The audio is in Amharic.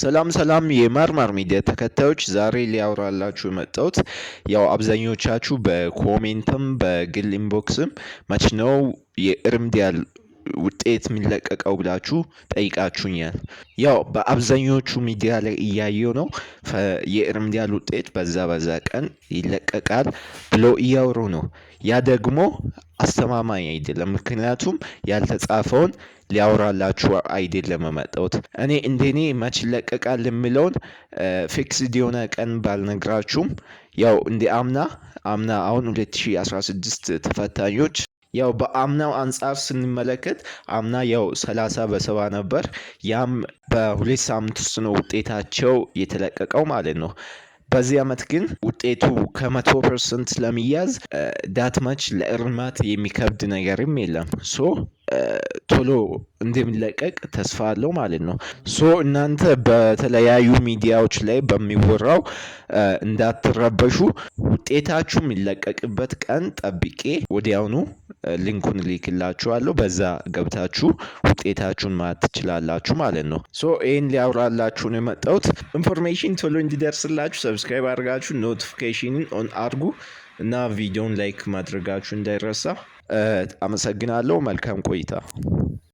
ሰላም ሰላም የማርማር ሚዲያ ተከታዮች፣ ዛሬ ሊያወራላችሁ የመጣሁት ያው አብዛኞቻችሁ በኮሜንትም በግል ኢንቦክስም መች ነው የእርምዲያል ውጤት የሚለቀቀው ብላችሁ ጠይቃችሁኛል። ያው በአብዛኞቹ ሚዲያ ላይ እያየው ነው የኤርሚዲያል ውጤት በዛ በዛ ቀን ይለቀቃል ብሎ እያወሩ ነው። ያ ደግሞ አስተማማኝ አይደለም። ምክንያቱም ያልተጻፈውን ሊያወራላችሁ አይደለም የመጣሁት እኔ እንደኔ መች ይለቀቃል የምለውን ፊክስድ የሆነ ቀን ባልነግራችሁም ያው እንደ አምና አምና አሁን 2016 ተፈታኞች ያው በአምናው አንጻር ስንመለከት አምና ያው ሰላሳ በሰባ ነበር። ያም በሁለት ሳምንት ውስጥ ነው ውጤታቸው የተለቀቀው ማለት ነው። በዚህ ዓመት ግን ውጤቱ ከመቶ ፐርሰንት ስለሚያዝ ዳትማች ለእርማት የሚከብድ ነገርም የለም። ሶ ቶሎ እንደሚለቀቅ ተስፋ አለው ማለት ነው። ሶ እናንተ በተለያዩ ሚዲያዎች ላይ በሚወራው እንዳትረበሹ፣ ውጤታችሁ የሚለቀቅበት ቀን ጠብቄ ወዲያውኑ ሊንኩን ሊክላችኋለሁ። በዛ ገብታችሁ ውጤታችሁን ማየት ትችላላችሁ ማለት ነው። ሶ ይህን ሊያውራላችሁ ነው የመጣሁት። ኢንፎርሜሽን ቶሎ እንዲደርስላችሁ ሰብስክራይብ አድርጋችሁ ኖቲፊኬሽንን ኦን አድርጉ እና ቪዲዮን ላይክ ማድረጋችሁ እንዳይረሳ። አመሰግናለሁ። መልካም ቆይታ